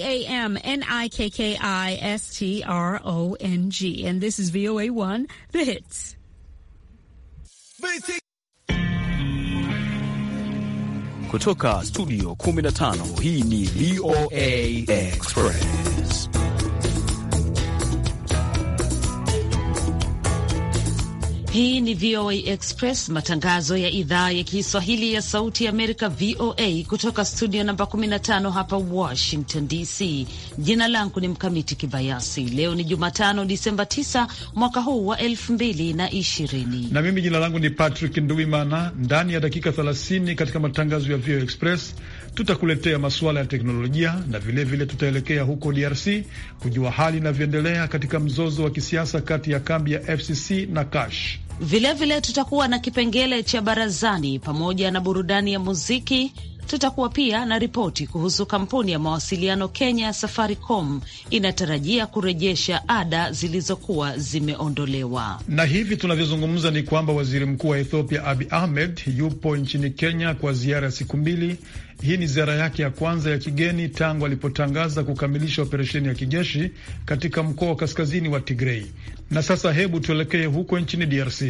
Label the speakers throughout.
Speaker 1: A M N I K K I S T R O N G. And this is VOA 1, the hits.
Speaker 2: Kutoka studio 15, hii ni VOA
Speaker 3: Express.
Speaker 1: Hii ni VOA Express, matangazo ya idhaa ya Kiswahili ya Sauti ya Amerika, VOA, kutoka studio namba 15 hapa Washington DC. Jina langu ni Mkamiti Kibayasi. Leo ni Jumatano, Disemba 9 mwaka huu wa 2020.
Speaker 4: Na mimi jina langu ni Patrick Nduwimana. Ndani ya dakika 30 katika matangazo ya VOA Express tutakuletea masuala ya teknolojia na vilevile tutaelekea huko DRC kujua hali inavyoendelea katika mzozo wa kisiasa kati ya kambi ya FCC na cash
Speaker 1: Vilevile tutakuwa na kipengele cha barazani pamoja na burudani ya muziki Tutakuwa pia na ripoti kuhusu kampuni ya mawasiliano Kenya Safaricom inatarajia kurejesha ada zilizokuwa zimeondolewa.
Speaker 4: Na hivi tunavyozungumza ni kwamba waziri mkuu wa Ethiopia Abi Ahmed yupo nchini Kenya kwa ziara ya siku mbili. Hii ni ziara yake ya kwanza ya kigeni tangu alipotangaza kukamilisha operesheni ya kijeshi katika mkoa wa kaskazini wa Tigrei. Na sasa hebu tuelekee huko nchini DRC.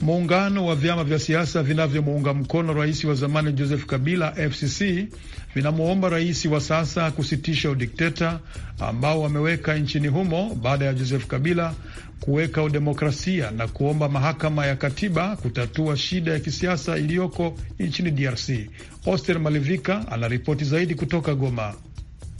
Speaker 4: Muungano wa vyama vya siasa vinavyomuunga mkono rais wa zamani Joseph Kabila, FCC, vinamwomba rais wa sasa kusitisha udikteta ambao wameweka nchini humo baada ya Joseph Kabila kuweka udemokrasia na kuomba mahakama ya katiba kutatua shida ya kisiasa iliyoko nchini DRC. Oster Malivika anaripoti zaidi kutoka Goma.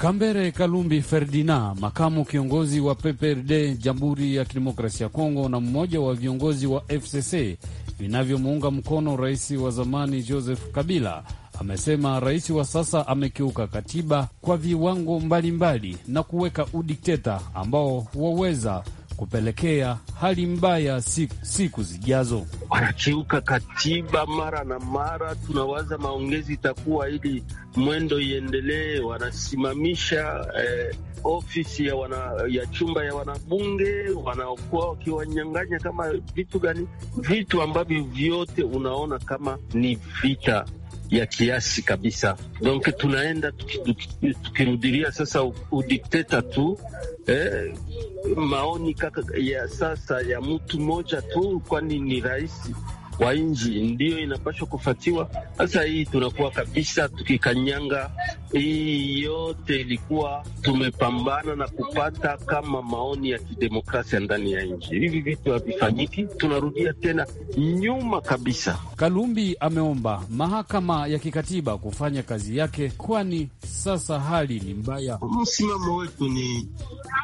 Speaker 4: Kambere
Speaker 2: Kalumbi ferdina makamu kiongozi wa PPRD Jamhuri ya Kidemokrasia ya Kongo na mmoja wa viongozi wa FCC vinavyomuunga mkono rais wa zamani Joseph Kabila, amesema rais wa sasa amekiuka katiba kwa viwango mbalimbali mbali na kuweka udikteta ambao waweza kupelekea hali mbaya siku, siku zijazo.
Speaker 5: Wanakiuka katiba mara na mara, tunawaza maongezi itakuwa ili mwendo iendelee. Wanasimamisha eh, ofisi ya, wana, ya chumba ya wanabunge, wanaokuwa wakiwanyang'anya kama vitu gani, vitu ambavyo vyote unaona kama
Speaker 6: ni vita
Speaker 5: ya kiasi kabisa. Donc tunaenda tukirudilia sasa udikteta tu eh, maoni kaka ya sasa ya mtu mmoja tu, kwani ni rahisi wa nji ndiyo inapaswa kufatiwa. Sasa hii tunakuwa kabisa tukikanyanga hii yote, ilikuwa tumepambana na kupata kama maoni ya kidemokrasia ndani ya nji. Hivi vitu havifanyiki, tunarudia tena nyuma kabisa.
Speaker 2: Kalumbi ameomba mahakama ya kikatiba kufanya kazi yake, kwani sasa hali ni mbaya.
Speaker 5: Msimamo wetu ni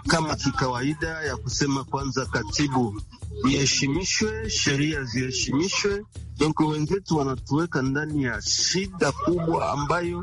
Speaker 5: kama kikawaida ya kusema kwanza katibu iheshimishwe, sheria ziheshimishwe. Donc wenzetu wanatuweka ndani ya shida kubwa ambayo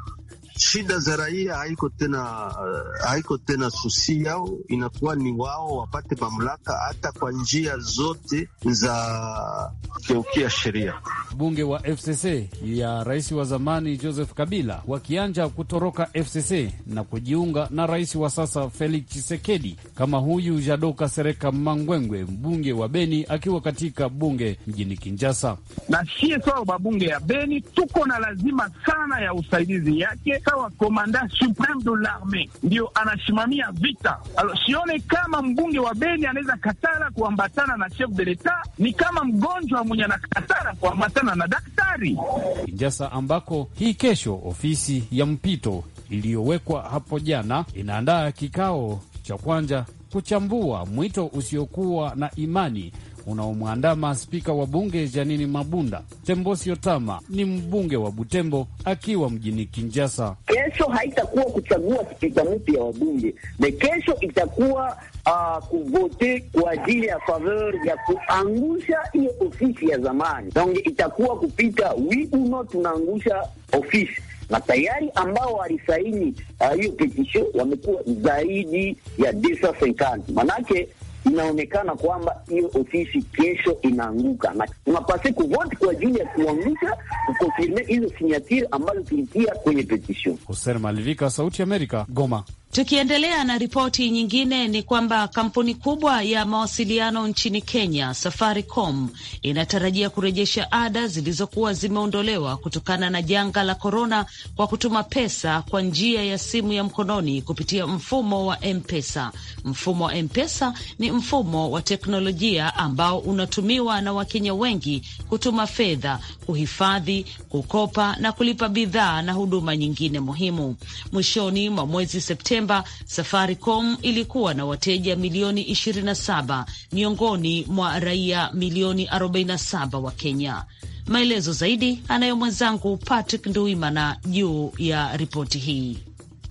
Speaker 5: shida za raia haiko tena, uh, haiko tena susi yao, inakuwa ni wao wapate mamlaka hata kwa njia zote za kukeukia sheria.
Speaker 2: Bunge wa FCC ya rais wa zamani Joseph Kabila wakianja kutoroka FCC na kujiunga na rais wa sasa Felix chisekedi kama huyu Jadoka Sereka Mangwengwe, mbunge wa Beni akiwa katika bunge mjini kinjasa Na sie sawa ya Beni tuko
Speaker 5: na lazima sana ya usaidizi yake akawa komanda supreme de larme ndio anasimamia vita. Alo, sione kama mbunge wa Beni anaweza katara kuambatana na chef de l'etat, ni kama mgonjwa mwenye anakatara kuambatana na daktari.
Speaker 2: kinjasa ambako hii kesho ofisi ya mpito iliyowekwa hapo jana inaandaa kikao cha kwanza kuchambua mwito usiokuwa na imani unaomwandama spika wa bunge Janini Mabunda. Tembo Siotama ni mbunge wa Butembo akiwa mjini kinjasa
Speaker 5: Kesho haitakuwa kuchagua spika mpya wa
Speaker 7: bunge, na kesho itakuwa uh, kuvote kwa ajili ya faveur ya kuangusha hiyo ofisi ya zamani. Donc itakuwa kupita wi uno, tunaangusha ofisi na tayari ambao walisaini uh, hiyo uh, petition wamekuwa zaidi ya 250 manake inaonekana kwamba hiyo ofisi kesho inaanguka, na tunapase kuvoti kwa ajili ya kuangusha kukonfirme hizo sinyatiri ambazo tulitia kwenye petition.
Speaker 2: Hoser Malivika, Sauti ya Amerika, Goma.
Speaker 1: Tukiendelea na ripoti nyingine ni kwamba kampuni kubwa ya mawasiliano nchini Kenya, Safaricom, inatarajia kurejesha ada zilizokuwa zimeondolewa kutokana na janga la korona kwa kutuma pesa kwa njia ya simu ya mkononi kupitia mfumo wa M-Pesa. Mfumo wa M-Pesa ni mfumo wa teknolojia ambao unatumiwa na Wakenya wengi kutuma fedha, kuhifadhi, kukopa na kulipa bidhaa na huduma nyingine muhimu. Mwishoni mwa mwezi Septemba Desemba, Safaricom ilikuwa na wateja milioni 27 miongoni mwa raia milioni 47 wa Kenya. Maelezo zaidi anayo mwenzangu Patrick Nduimana juu ya ripoti hii.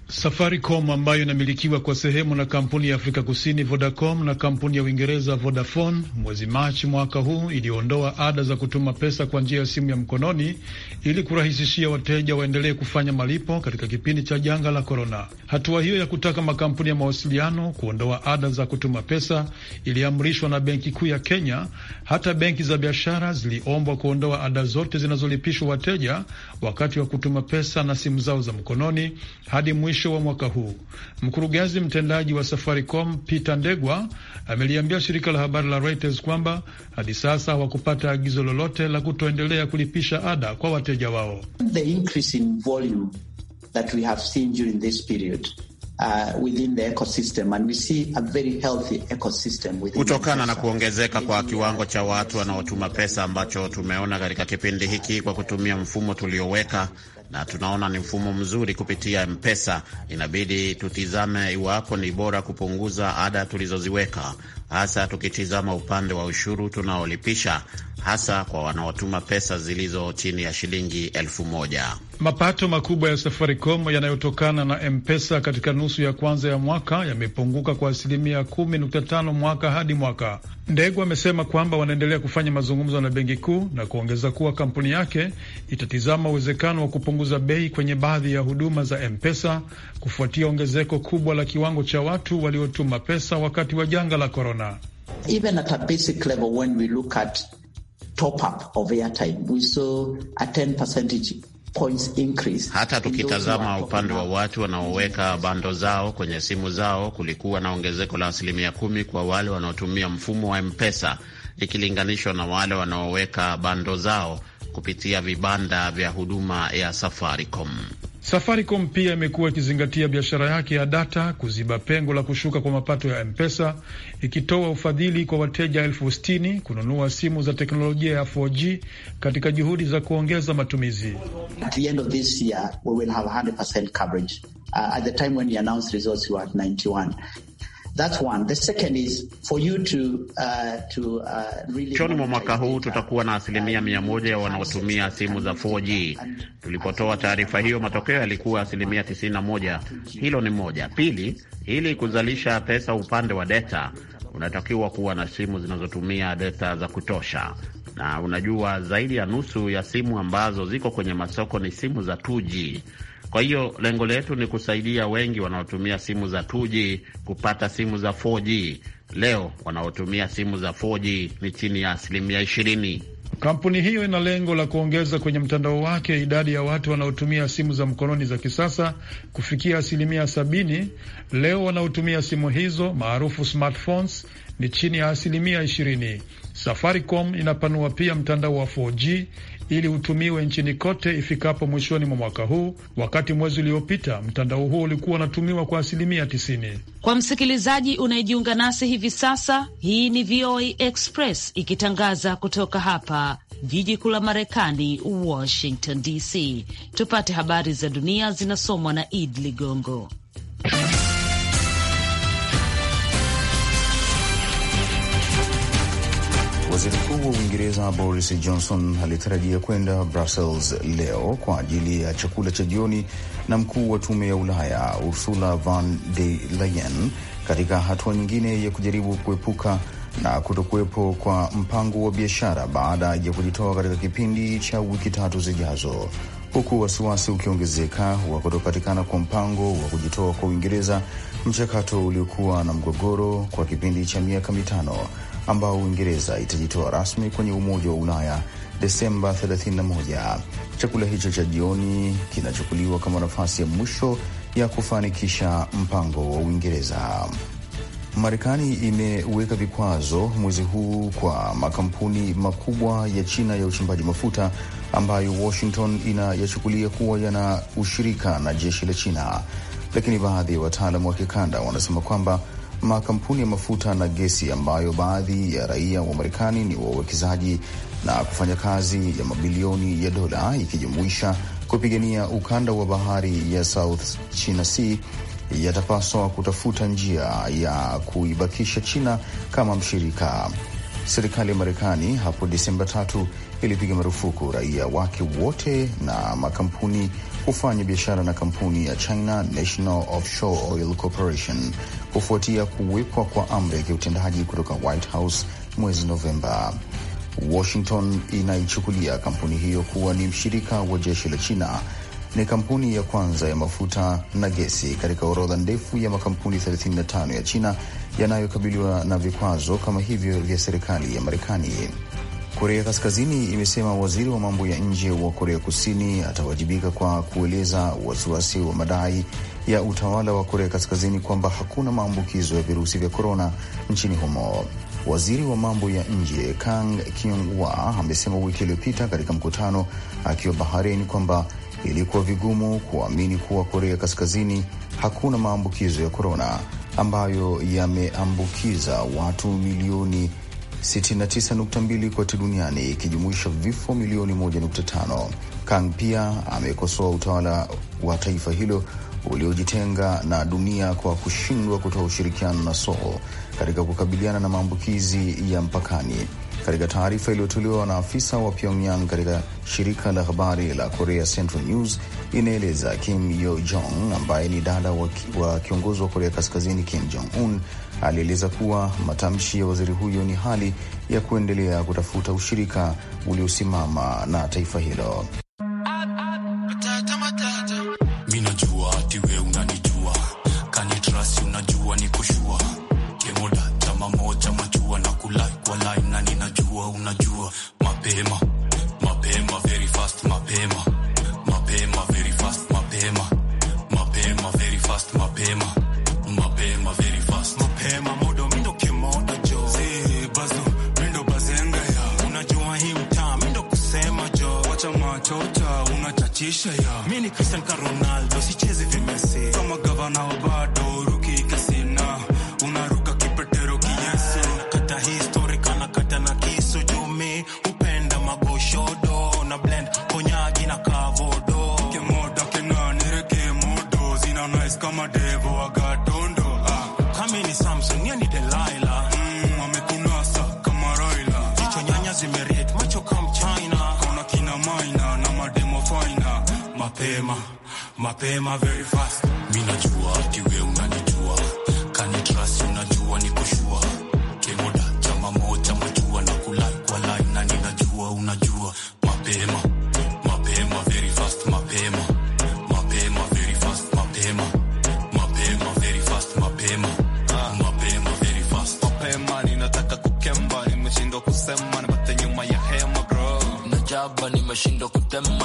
Speaker 4: Safaricom ambayo inamilikiwa kwa sehemu na kampuni ya Afrika Kusini Vodacom na kampuni ya Uingereza Vodafone mwezi Machi mwaka huu iliondoa ada za kutuma pesa kwa njia ya simu ya mkononi ili kurahisishia wateja waendelee kufanya malipo katika kipindi cha janga la korona. Hatua hiyo ya kutaka makampuni ya mawasiliano kuondoa ada za kutuma pesa iliamrishwa na Benki Kuu ya Kenya. Hata benki za biashara ziliombwa kuondoa ada zote zinazolipishwa wateja wakati wa kutuma pesa na simu zao za mkononi hadi mwisho mwisho wa mwaka huu. Mkurugenzi mtendaji wa Safaricom Peter Ndegwa ameliambia shirika la habari la Reuters kwamba hadi sasa hawakupata agizo lolote la kutoendelea kulipisha ada kwa wateja wao.
Speaker 8: Kutokana uh, na kuongezeka kwa kiwango cha watu wanaotuma pesa ambacho tumeona katika kipindi hiki, kwa kutumia mfumo tulioweka na tunaona ni mfumo mzuri kupitia Mpesa. Inabidi tutizame iwapo ni bora kupunguza ada tulizoziweka, hasa tukitizama upande wa ushuru tunaolipisha hasa kwa wanaotuma pesa zilizo chini ya shilingi elfu moja.
Speaker 4: Mapato makubwa ya Safaricom yanayotokana na Mpesa katika nusu ya kwanza ya mwaka yamepunguka kwa asilimia kumi nukta tano mwaka hadi mwaka. Ndegu amesema kwamba wanaendelea kufanya mazungumzo na benki kuu na kuongeza kuwa kampuni yake itatizama uwezekano wa kupunguza bei kwenye baadhi ya huduma za Mpesa kufuatia ongezeko kubwa la kiwango cha watu waliotuma pesa wakati wa janga la korona.
Speaker 1: Even at a basic level
Speaker 8: when we look at top up of airtime. We saw a 10 percentage points increase. Hata tukitazama upande wa watu wanaoweka bando zao kwenye simu zao, kulikuwa na ongezeko la asilimia kumi kwa wale wanaotumia mfumo wa mpesa ikilinganishwa na wale wanaoweka bando zao kupitia vibanda vya huduma ya Safaricom.
Speaker 4: Safaricom pia imekuwa ikizingatia biashara yake ya data kuziba pengo la kushuka kwa mapato ya M-Pesa, ikitoa ufadhili kwa wateja elfu sitini kununua simu za teknolojia ya 4G katika juhudi za kuongeza matumizi.
Speaker 8: Uh, Mwishoni mwa mwaka huu tutakuwa na asilimia mia moja ya wanaotumia simu za 4G. Tulipotoa taarifa hiyo, matokeo yalikuwa asilimia 91. Hilo ni moja. Pili, ili kuzalisha pesa upande wa data, unatakiwa kuwa na simu zinazotumia data za kutosha, na unajua zaidi ya nusu ya simu ambazo ziko kwenye masoko ni simu za 2G. Kwa hiyo lengo letu ni kusaidia wengi wanaotumia simu za 2G kupata simu za 4G. Leo wanaotumia simu za 4G ni chini ya asilimia ishirini.
Speaker 4: Kampuni hiyo ina lengo la kuongeza kwenye mtandao wake idadi ya watu wanaotumia simu za mkononi za kisasa kufikia asilimia sabini. Leo wanaotumia simu hizo maarufu smartphones ni chini ya asilimia ishirini. Safaricom inapanua pia mtandao wa 4G ili utumiwe nchini kote ifikapo mwishoni mwa mwaka huu, wakati mwezi uliopita mtandao huo ulikuwa unatumiwa kwa asilimia 90
Speaker 1: Kwa msikilizaji unayejiunga nasi hivi sasa, hii ni VOA Express ikitangaza kutoka hapa jiji kuu la Marekani, Washington DC. Tupate habari za dunia zinasomwa na Id Ligongo.
Speaker 6: Waziri Mkuu wa Uingereza Boris Johnson alitarajia kwenda Brussels leo kwa ajili ya chakula cha jioni na mkuu wa tume ya Ulaya Ursula von der Leyen katika hatua nyingine ya kujaribu kuepuka na kutokuwepo kwa mpango wa biashara baada ya kujitoa katika kipindi cha wiki tatu zijazo, huku wasiwasi ukiongezeka wa kutopatikana kwa mpango wa kujitoa kwa Uingereza, mchakato uliokuwa na mgogoro kwa kipindi cha miaka mitano ambao Uingereza itajitoa rasmi kwenye Umoja wa Ulaya Desemba 31. Chakula hicho cha jioni kinachukuliwa kama nafasi ya mwisho ya kufanikisha mpango wa Uingereza. Marekani imeweka vikwazo mwezi huu kwa makampuni makubwa ya China ya uchimbaji mafuta ambayo Washington inayachukulia kuwa yana ushirika na jeshi la China, lakini baadhi ya wataalamu wa kikanda wanasema kwamba makampuni ya mafuta na gesi ambayo baadhi ya raia wa Marekani ni wawekezaji na kufanya kazi ya mabilioni ya dola ikijumuisha kupigania ukanda wa bahari ya South China Sea yatapaswa kutafuta njia ya kuibakisha China kama mshirika. Serikali ya Marekani hapo Desemba tatu ilipiga marufuku raia wake wote na makampuni kufanya biashara na kampuni ya China National Offshore Oil Corporation kufuatia kuwekwa kwa amri ya kiutendaji kutoka White House mwezi Novemba. Washington inaichukulia kampuni hiyo kuwa ni mshirika wa jeshi la China. Ni kampuni ya kwanza ya mafuta na gesi katika orodha ndefu ya makampuni 35 ya China yanayokabiliwa na vikwazo kama hivyo vya serikali ya Marekani. Korea Kaskazini imesema waziri wa mambo ya nje wa Korea Kusini atawajibika kwa kueleza wasiwasi wa madai ya utawala wa Korea Kaskazini kwamba hakuna maambukizo ya virusi vya korona nchini humo. Waziri wa mambo ya nje Kang Kyung-wa amesema wiki iliyopita katika mkutano akiwa Bahrain kwamba ilikuwa vigumu kuamini kuwa Korea Kaskazini hakuna maambukizo ya korona ambayo yameambukiza watu milioni 69.2 kote duniani ikijumuisha vifo milioni 1.5. Kang pia amekosoa utawala wa taifa hilo uliojitenga na dunia kwa kushindwa kutoa ushirikiano na Seoul katika kukabiliana na maambukizi ya mpakani. Katika taarifa iliyotolewa na afisa wa Pyongyang katika shirika la habari la Korea Central News, inaeleza Kim Yo Jong ambaye ni dada wa, ki, wa kiongozi wa Korea Kaskazini Kim Jong Un alieleza kuwa matamshi ya waziri huyo ni hali ya kuendelea kutafuta ushirika uliosimama na taifa hilo.
Speaker 3: Patricia, yeah. Mini Cristian Ronaldo, si mapema very fast. Mi najua hadi unanijua,
Speaker 2: kani trust unajua niko sure, kemoda chama moja majua na kulai kwa lai na ninajua unajua mapema mapema very fast
Speaker 3: mapema
Speaker 5: nimeshindwa kutema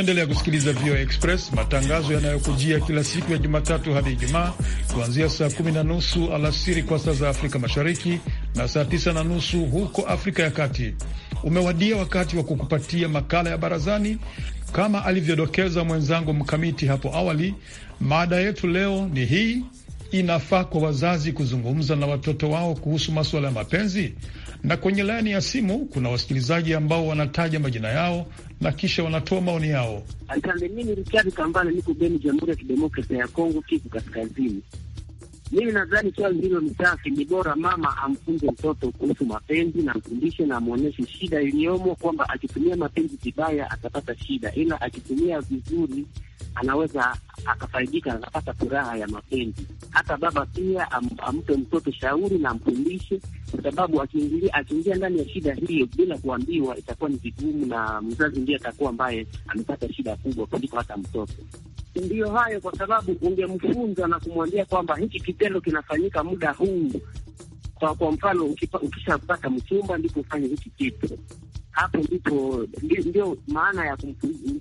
Speaker 4: Unaendelea kusikiliza VOA Express, matangazo yanayokujia kila siku ya Jumatatu hadi Ijumaa, kuanzia saa kumi na nusu alasiri kwa saa za Afrika Mashariki na saa tisa na nusu huko Afrika ya Kati. Umewadia wakati wa kukupatia makala ya Barazani. Kama alivyodokeza mwenzangu Mkamiti hapo awali, mada yetu leo ni hii: inafaa kwa wazazi kuzungumza na watoto wao kuhusu masuala ya mapenzi? na kwenye laini ya simu kuna wasikilizaji ambao wanataja majina yao na kisha wanatoa maoni yao.
Speaker 3: Asante. Mimi ni Richard
Speaker 7: Kambale, niko Beni, Jamhuri ya Kidemokrasia ya Kongo, Kivu Kaskazini. Mimi nadhani swali hilo ni safi, ni bora mama amfunze mtoto kuhusu mapenzi na mfundishe na amwonyeshe shida iliyomo, kwamba akitumia mapenzi vibaya atapata shida, ila akitumia vizuri anaweza akafaidika, anapata furaha ya mapenzi. Hata baba pia am, ampe mtoto shauri na amfundishe, kwa sababu akiingia akiingia ndani ya shida hiyo bila kuambiwa itakuwa ni vigumu, na mzazi ndiye atakuwa ambaye amepata shida kubwa kuliko hata mtoto ndiyo hayo, kwa sababu ungemfunza na kumwambia kwamba hiki kitendo kinafanyika muda huu. Kwa, kwa mfano ukishapata mchumba ndipo ufanye hiki kitu hapo ndipo ndio maana ya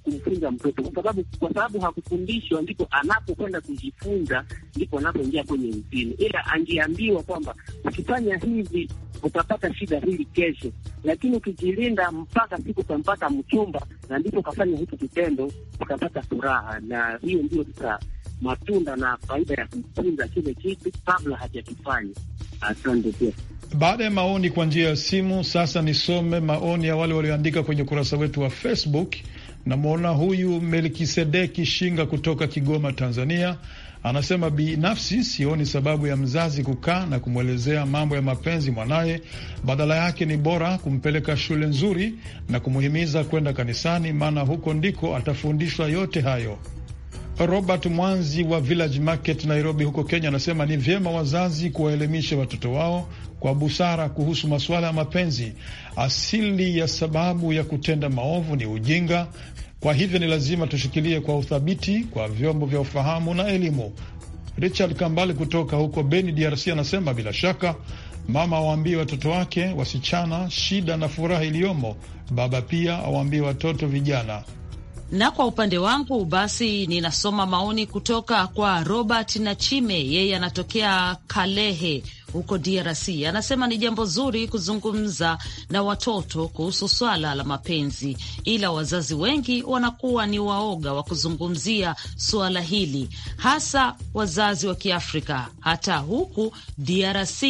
Speaker 7: kumfunza mtoto, kwa sababu kwa sababu hakufundishwa, ndipo anapokwenda kujifunza, ndipo anapoingia kwenye mzini. Ila angeambiwa kwamba ukifanya hivi utapata shida hili kesho, lakini ukijilinda mpaka siku utampata mchumba, na ndipo ukafanya hiki kitendo ukapata furaha, na hiyo ndio sasa matunda na faida ya kutunza kile kitu kabla hajakifanya. Asante pia.
Speaker 4: Baada ya maoni kwa njia ya simu, sasa nisome maoni ya wale walioandika kwenye ukurasa wetu wa Facebook. Namwona huyu Melkisedeki Shinga kutoka Kigoma, Tanzania Anasema binafsi sioni sababu ya mzazi kukaa na kumwelezea mambo ya mapenzi mwanaye. Badala yake ni bora kumpeleka shule nzuri na kumuhimiza kwenda kanisani, maana huko ndiko atafundishwa yote hayo. Robert Mwanzi wa Village Market Nairobi huko Kenya anasema ni vyema wazazi kuwaelimisha watoto wao kwa busara kuhusu masuala ya mapenzi. Asili ya sababu ya kutenda maovu ni ujinga, kwa hivyo ni lazima tushikilie kwa uthabiti kwa vyombo vya ufahamu na elimu. Richard Kambale kutoka huko Beni, DRC, anasema bila shaka mama awaambie watoto wake wasichana shida na furaha iliyomo, baba pia awaambie watoto vijana
Speaker 1: na kwa upande wangu basi, ninasoma maoni kutoka kwa Robert Nachime, yeye anatokea Kalehe huko DRC anasema ni jambo zuri kuzungumza na watoto kuhusu swala la mapenzi, ila wazazi wengi wanakuwa ni waoga wa kuzungumzia suala hili, hasa wazazi wa Kiafrika. Hata huku DRC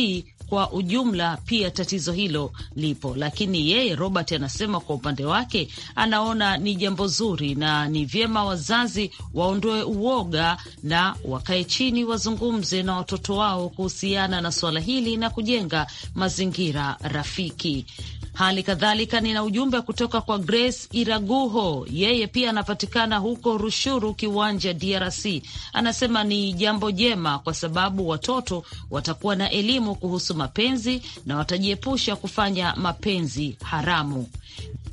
Speaker 1: kwa ujumla pia tatizo hilo lipo, lakini yeye Robert anasema kwa upande wake anaona ni jambo zuri na ni vyema wazazi waondoe uoga na wakae chini wazungumze na watoto wao kuhusiana na suala hili na kujenga mazingira rafiki. Hali kadhalika nina ujumbe kutoka kwa Grace Iraguho, yeye pia anapatikana huko Rushuru Kiwanja, DRC. Anasema ni jambo jema kwa sababu watoto watakuwa na elimu kuhusu mapenzi na watajiepusha kufanya mapenzi haramu.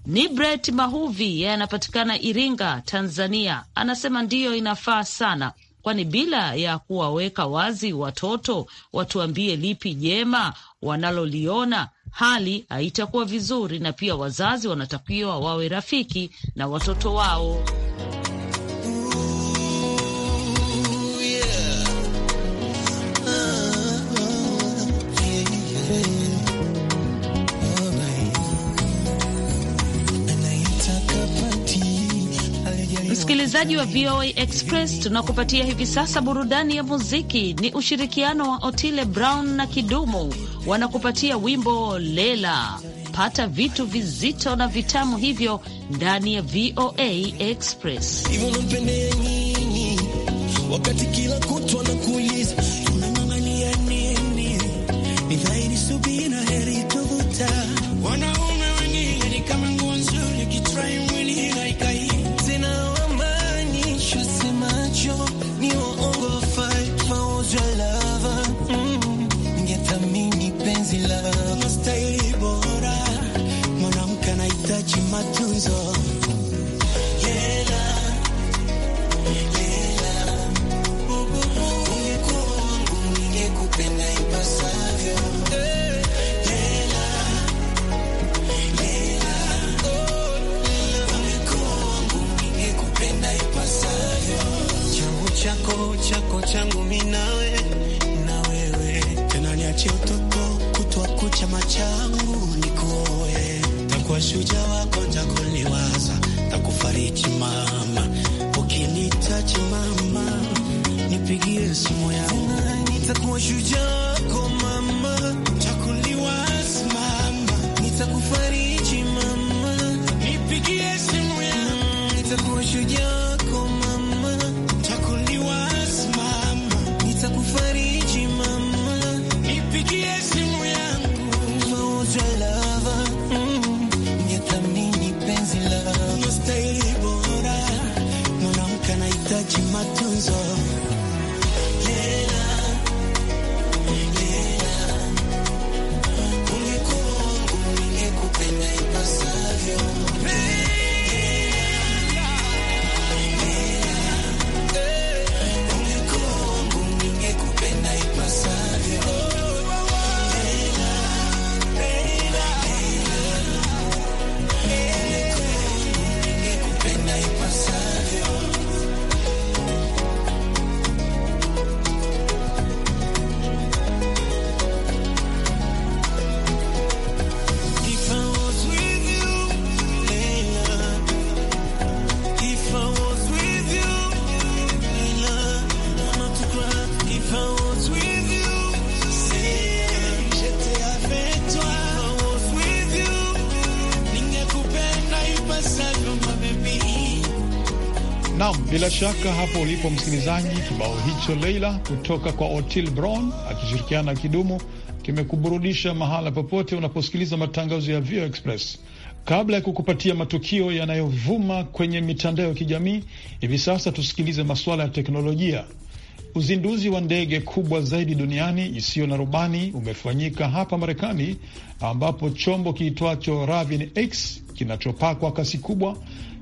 Speaker 1: Nibret Mahuvi yeye anapatikana Iringa, Tanzania, anasema ndiyo inafaa sana, kwani bila ya kuwaweka wazi watoto watuambie lipi jema wanaloliona hali haitakuwa vizuri, na pia wazazi wanatakiwa wawe rafiki na watoto wao. msikilizaji wa VOA Express, tunakupatia hivi sasa burudani ya muziki. Ni ushirikiano wa Otile Brown na Kidumu, wanakupatia wimbo Lela. Pata vitu vizito na vitamu hivyo ndani ya VOA Express.
Speaker 3: Wakati kila kutwa na kuuliza tunang'ang'ania nini, ni dhahiri subira heri tuvuta. Wanaume wengine ni kama unahitaji matunzo
Speaker 4: Nam, bila shaka hapo ulipo msikilizaji, kibao hicho Leila kutoka kwa Otil Brown akishirikiana na Kidumu kimekuburudisha mahala popote unaposikiliza matangazo ya VOA Express. Kabla ya kukupatia matukio yanayovuma kwenye mitandao ya kijamii hivi sasa, tusikilize masuala ya teknolojia. Uzinduzi wa ndege kubwa zaidi duniani isiyo na rubani umefanyika hapa Marekani, ambapo chombo kiitwacho Ravin X kinachopakwa kasi kubwa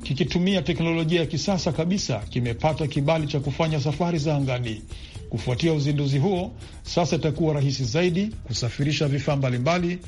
Speaker 4: kikitumia teknolojia ya kisasa kabisa kimepata kibali cha kufanya safari za angani. Kufuatia uzinduzi huo, sasa itakuwa rahisi zaidi kusafirisha vifaa mbalimbali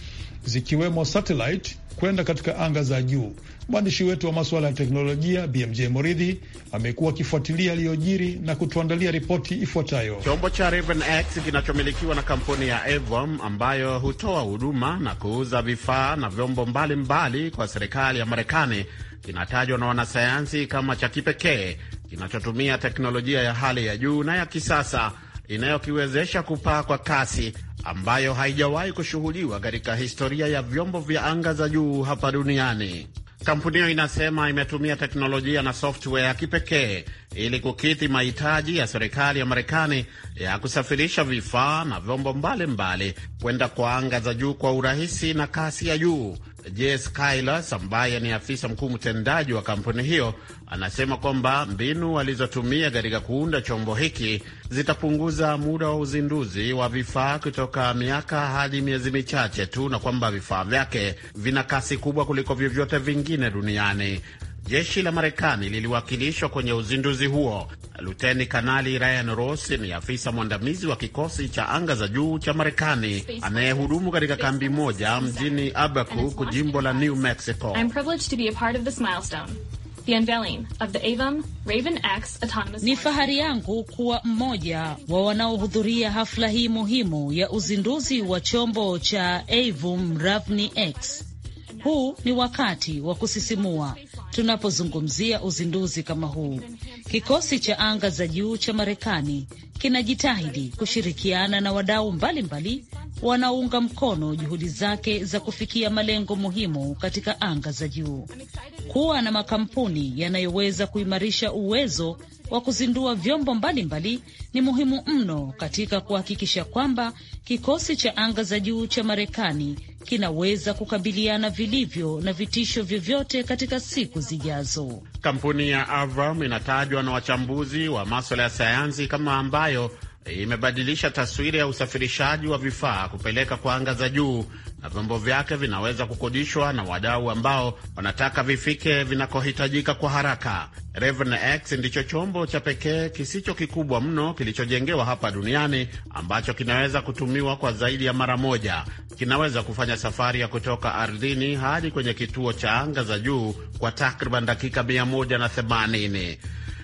Speaker 4: zikiwemo satellite kwenda katika anga za juu. Mwandishi wetu wa masuala ya teknolojia BMJ Moridhi amekuwa akifuatilia yaliyojiri na kutuandalia ripoti ifuatayo.
Speaker 8: Chombo cha Raven X kinachomilikiwa na kampuni ya avom ambayo hutoa huduma na kuuza vifaa na vyombo mbalimbali mbali kwa serikali ya Marekani kinatajwa na wanasayansi kama cha kipekee kinachotumia teknolojia ya hali ya juu na ya kisasa inayokiwezesha kupaa kwa kasi ambayo haijawahi kushuhudiwa katika historia ya vyombo vya anga za juu hapa duniani. Kampuni hiyo inasema imetumia teknolojia na software ya kipekee ili kukidhi mahitaji ya serikali ya Marekani ya kusafirisha vifaa na vyombo mbalimbali kwenda kwa anga za juu kwa urahisi na kasi ya juu Jes Kailers ambaye ni afisa mkuu mtendaji wa kampuni hiyo anasema kwamba mbinu walizotumia katika kuunda chombo hiki zitapunguza muda wa uzinduzi wa vifaa kutoka miaka hadi miezi michache tu, na kwamba vifaa vyake vina kasi kubwa kuliko vyovyote vingine duniani. Jeshi la Marekani liliwakilishwa kwenye uzinduzi huo. Luteni Kanali Ryan Ross ni afisa mwandamizi wa kikosi cha anga za juu cha Marekani anayehudumu katika kambi moja mjini Abaku, jimbo la New Mexico.
Speaker 1: Ni fahari yangu kuwa mmoja wa wanaohudhuria hafla hii muhimu ya uzinduzi wa chombo cha Avum Ravni X huu ni wakati wa kusisimua tunapozungumzia uzinduzi kama huu. Kikosi cha anga za juu cha Marekani kinajitahidi kushirikiana na wadau mbalimbali wanaunga mkono juhudi zake za kufikia malengo muhimu katika anga za juu. Kuwa na makampuni yanayoweza kuimarisha uwezo wa kuzindua vyombo mbalimbali ni muhimu mno katika kuhakikisha kwamba kikosi cha anga za juu cha Marekani kinaweza kukabiliana vilivyo na vitisho vyovyote katika siku zijazo.
Speaker 8: Kampuni ya Avram inatajwa na wachambuzi wa maswala ya sayansi kama ambayo imebadilisha taswira ya usafirishaji wa vifaa kupeleka kwa anga za juu, na vyombo vyake vinaweza kukodishwa na wadau ambao wanataka vifike vinakohitajika kwa haraka. Raven X ndicho chombo cha pekee kisicho kikubwa mno kilichojengewa hapa duniani ambacho kinaweza kutumiwa kwa zaidi ya mara moja. Kinaweza kufanya safari ya kutoka ardhini hadi kwenye kituo cha anga za juu kwa takriban dakika 180.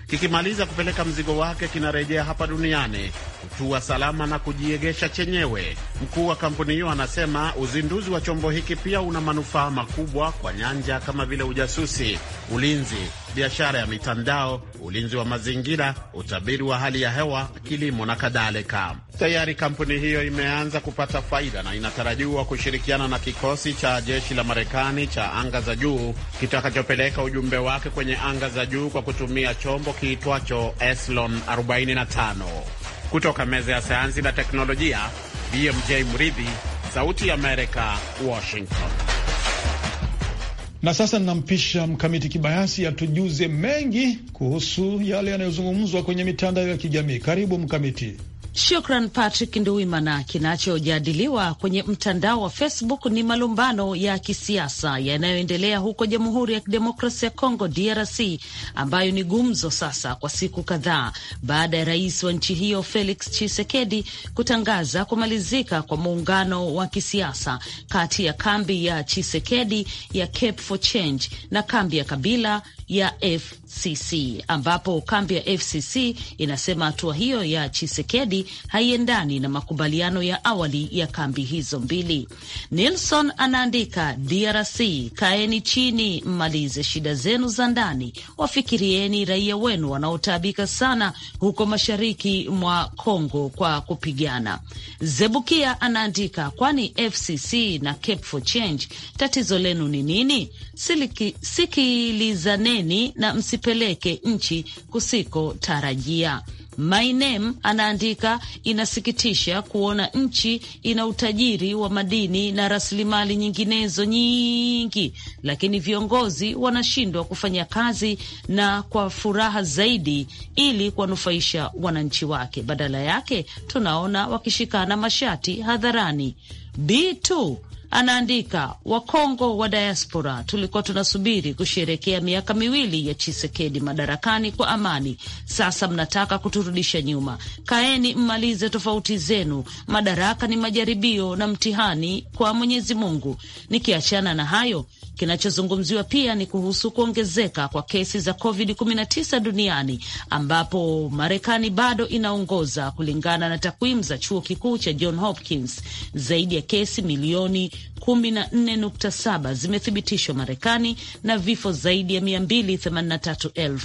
Speaker 8: Kikimaliza kupeleka mzigo wake kinarejea hapa duniani kutua salama na kujiegesha chenyewe. Mkuu wa kampuni hiyo anasema uzinduzi wa chombo hiki pia una manufaa makubwa kwa nyanja kama vile ujasusi, ulinzi, biashara ya mitandao ulinzi wa mazingira, utabiri wa hali ya hewa, kilimo na kadhalika. Tayari kampuni hiyo imeanza kupata faida na inatarajiwa kushirikiana na kikosi cha jeshi la Marekani cha anga za juu kitakachopeleka ujumbe wake kwenye anga za juu kwa kutumia chombo kiitwacho Eslon 45. Kutoka meza ya sayansi na teknolojia, BMJ Mridhi, Sauti ya Amerika, Washington.
Speaker 4: Na sasa ninampisha Mkamiti Kibayasi atujuze mengi kuhusu yale yanayozungumzwa kwenye mitandao ya kijamii. Karibu Mkamiti.
Speaker 1: Shukran Patrick nduimana Kinachojadiliwa kwenye mtandao wa Facebook ni malumbano ya kisiasa yanayoendelea huko Jamhuri ya Kidemokrasia ya Kongo, DRC, ambayo ni gumzo sasa kwa siku kadhaa baada ya rais wa nchi hiyo Felix Tshisekedi kutangaza kumalizika kwa muungano wa kisiasa kati ya kambi ya Tshisekedi ya Cape for Change na kambi ya Kabila ya F FCC ambapo kambi ya FCC inasema hatua hiyo ya Chisekedi haiendani na makubaliano ya awali ya kambi hizo mbili. Nelson anaandika, DRC kaeni chini, mmalize shida zenu za ndani, wafikirieni raia wenu wanaotaabika sana huko mashariki mwa Kongo kwa kupigana. Zebukia anaandika, kwani FCC na Cape for Change tatizo lenu ni nini? Sikilizaneni na msi ipeleke nchi kusikotarajia. My Name anaandika, inasikitisha kuona nchi ina utajiri wa madini na rasilimali nyinginezo nyingi, lakini viongozi wanashindwa kufanya kazi na kwa furaha zaidi ili kuwanufaisha wananchi wake. Badala yake tunaona wakishikana mashati hadharani. B2 Anaandika, Wakongo wa diaspora tulikuwa tunasubiri kusherekea miaka miwili ya Chisekedi madarakani kwa amani. Sasa mnataka kuturudisha nyuma. Kaeni mmalize tofauti zenu. Madaraka ni majaribio na mtihani kwa Mwenyezi Mungu. Nikiachana na hayo Kinachozungumziwa pia ni kuhusu kuongezeka kwa kesi za COVID-19 duniani ambapo Marekani bado inaongoza kulingana na takwimu za chuo kikuu cha John Hopkins. Zaidi ya kesi milioni 14.7 zimethibitishwa Marekani na vifo zaidi ya 283,000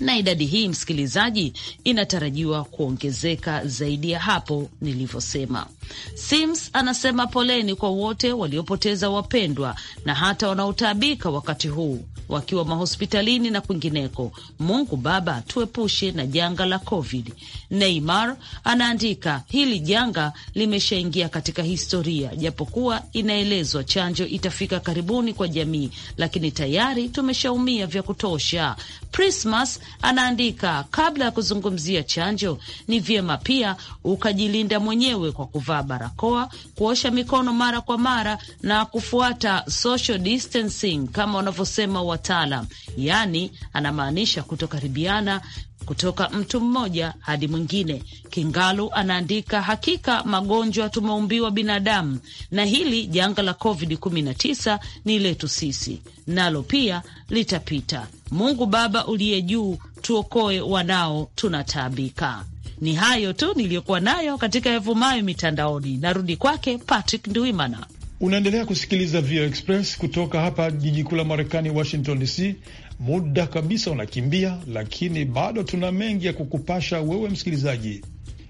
Speaker 1: na idadi hii, msikilizaji, inatarajiwa kuongezeka zaidi ya hapo nilivyosema. Sims anasema poleni kwa wote waliopoteza wapendwa na hata wanaotaabika wakati huu wakiwa mahospitalini na kwingineko. Mungu Baba, tuepushe na janga la COVID. Neymar anaandika, hili janga limeshaingia katika historia, japokuwa inaelezwa chanjo itafika karibuni kwa jamii, lakini tayari tumeshaumia vya kutosha. Prismas anaandika, kabla ya kuzungumzia chanjo, ni vyema pia ukajilinda mwenyewe kwa kuvaa kuvaa barakoa, kuosha mikono mara kwa mara na kufuata social distancing kama wanavyosema wataalam, yaani anamaanisha kutokaribiana kutoka mtu mmoja hadi mwingine. Kingalu anaandika, hakika magonjwa tumeumbiwa binadamu, na hili janga la COVID-19 ni letu sisi, nalo pia litapita. Mungu Baba uliye juu, tuokoe wanao tunataabika. Ni hayo tu niliyokuwa nayo katika yavumayo mitandaoni. Narudi kwake Patrick Ndwimana.
Speaker 4: Unaendelea kusikiliza VOA Express kutoka hapa jiji kuu la Marekani, Washington DC. Muda kabisa unakimbia, lakini bado tuna mengi ya kukupasha wewe msikilizaji.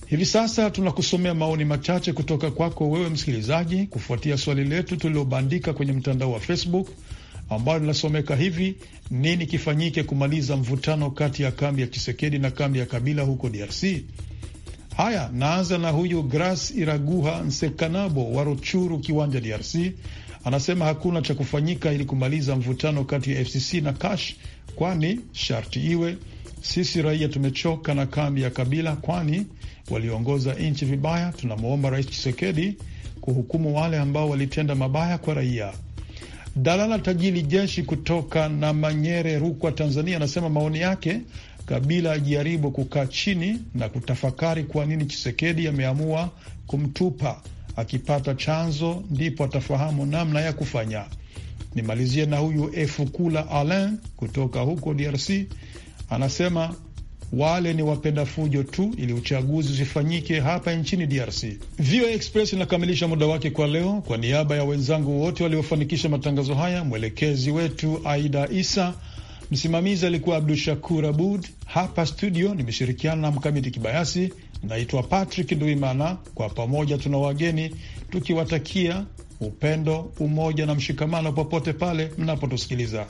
Speaker 4: Hivi sasa tunakusomea maoni machache kutoka kwako wewe msikilizaji, kufuatia swali letu tuliobandika kwenye mtandao wa Facebook ambayo linasomeka hivi: nini kifanyike kumaliza mvutano kati ya kambi ya Chisekedi na kambi ya Kabila huko DRC? Haya, naanza na huyu Gras Iraguha Nsekanabo wa Ruchuru Kiwanja, DRC. Anasema hakuna cha kufanyika ili kumaliza mvutano kati ya FCC na Kash, kwani sharti iwe sisi raia tumechoka na kambi ya Kabila, kwani waliongoza nchi vibaya. Tunamwomba Rais Chisekedi kuhukumu wale ambao walitenda mabaya kwa raia. Dalala tajili jeshi kutoka na Manyere, Rukwa, Tanzania, anasema maoni yake Kabila ajaribu kukaa chini na kutafakari kwa nini Chisekedi ameamua kumtupa. Akipata chanzo ndipo atafahamu namna ya kufanya. Nimalizie na huyu Efukula Alain kutoka huko DRC anasema wale ni wapenda fujo tu ili uchaguzi usifanyike hapa nchini DRC. VOA Express inakamilisha muda wake kwa leo. Kwa niaba ya wenzangu wote waliofanikisha matangazo haya, mwelekezi wetu Aida Isa, msimamizi alikuwa Abdu Shakur Abud. Hapa studio nimeshirikiana na Mkamiti Kibayasi. Naitwa Patrick Nduimana. Kwa pamoja tuna wageni tukiwatakia upendo, umoja na mshikamano popote pale mnapotusikiliza.